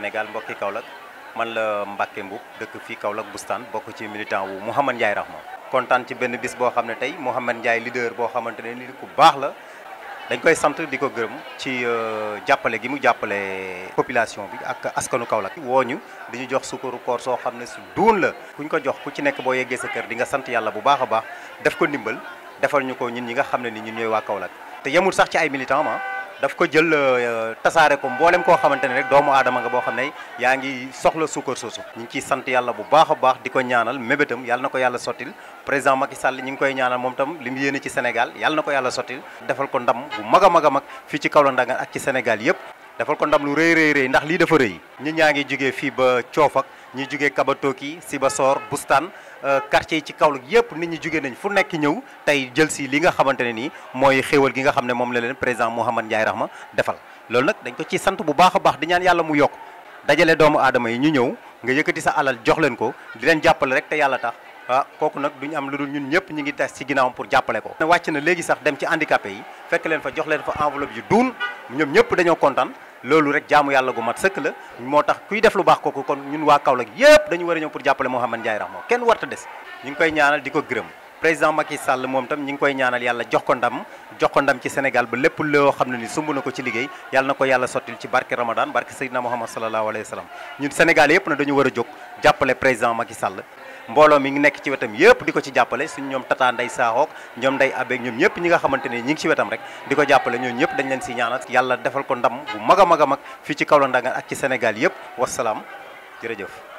Sénégal mbokki Kaolack man la Mbacke Mboup dëkk fii Kaolack Boustane bokk ci militant wu Mouhamad Ndiaye Rahma kontaan ci benn bis boo xam ne tey Mouhamad Ndiaye leader boo xamante ne nit ku baax la dañ koy sant di ko gërëm ci euh, jàppale gi mu jàppale population bi ak askanu woo ñu wooñu ñu jox sukkaru koor soo xam ne su duun la kuñ ko jox ku ci nekk boo yeggee sa kër di nga sant yàlla bu baax a baax def ko ndimbal defal ñu ko ñun ñi nga xam ne ni ñun ñooy waa Kaolack daf ko jël euh, tasaare ko mboolem koo xamante ne rek doomu aadama nga boo xam ne yaa ngi soxla suukar soosu ñu ngi ciy sant yàlla bu baax a baax di ko ñaanal mébétam yàlla na ko yàlla sottil président Macky Sall ñu ngi koy ñaanal moom tam lim mu yéene ci Sénégal yàlla na ko yàlla sottil defal ko ndam bu mag a mag a mag fii ci Kaolack ak ci Sénégal yëpp dafal ko ndam lu rëy rëy rëy ndax lii dafa rëy ñi ñaa ngi jógee fii ba Coofak ñi jógee Kabatoki Sibassor Bustaan euh, quartier yi ci Kaolack yépp nit ñi jógee nañ fu nekk ñëw tey jël si li nga xamante ne nii mooy xéewal gi nga xam ne moom la leen président Mouhamed Ndiaye Rahma defal lool nag dañ ko ci sant bu baax a baax di ñaan yàlla mu yokk dajale doomu aadama yi ñu ñëw nga yëkkati sa alal jox leen ko di leen jàppale rek te yàlla tax ah kooku nag duñu am lu dul ñun ñëpp ñu ngi tas ci ginnaawam pour jàppale ko. wàcc na léegi sax dem ci handicapé yi fekk leen fa jox leen fa enveloppe yu duun ñëpp dañoo kontaan loolu rek jaamu yàlla gu mat sëkk la moo tax kuy def lu baax kooku kon ñun waa Kaolack yëpp dañu war a ñëw pour jàppale Mouhamed Ndiaye Rahma kenn warta des ñu ngi koy ñaanal di ko gërëm président Macky Sall moom tam ñu ngi koy ñaanal yàlla jox ko ndam jox ko ndam ci Sénégal ba lépp loo xam ne ni sumb na ko ci liggéey yàlla na ko yàlla sottil ci barke Ramadan barke Seydina Mouhamed sallallahu alayhi wa sallam ñun Sénégal yëpp na dañu war a jóg jàppale président Macky Sall mbooloo mi ngi nekk ci wetam yëpp di ko ci jàppale suñ ñoom tata nday saaxoog ñoom nday abeeg ñoom ñëpp ñi nga xamante ne ñi ngi ci wetam rek di ko jàppale ñoom ñëpp dañ leen si ñaanak yàlla defal ko ndam bu mag a mag a mag fii ci Kaolack ak ci Sénégal yëpp wasalaam jërëjëf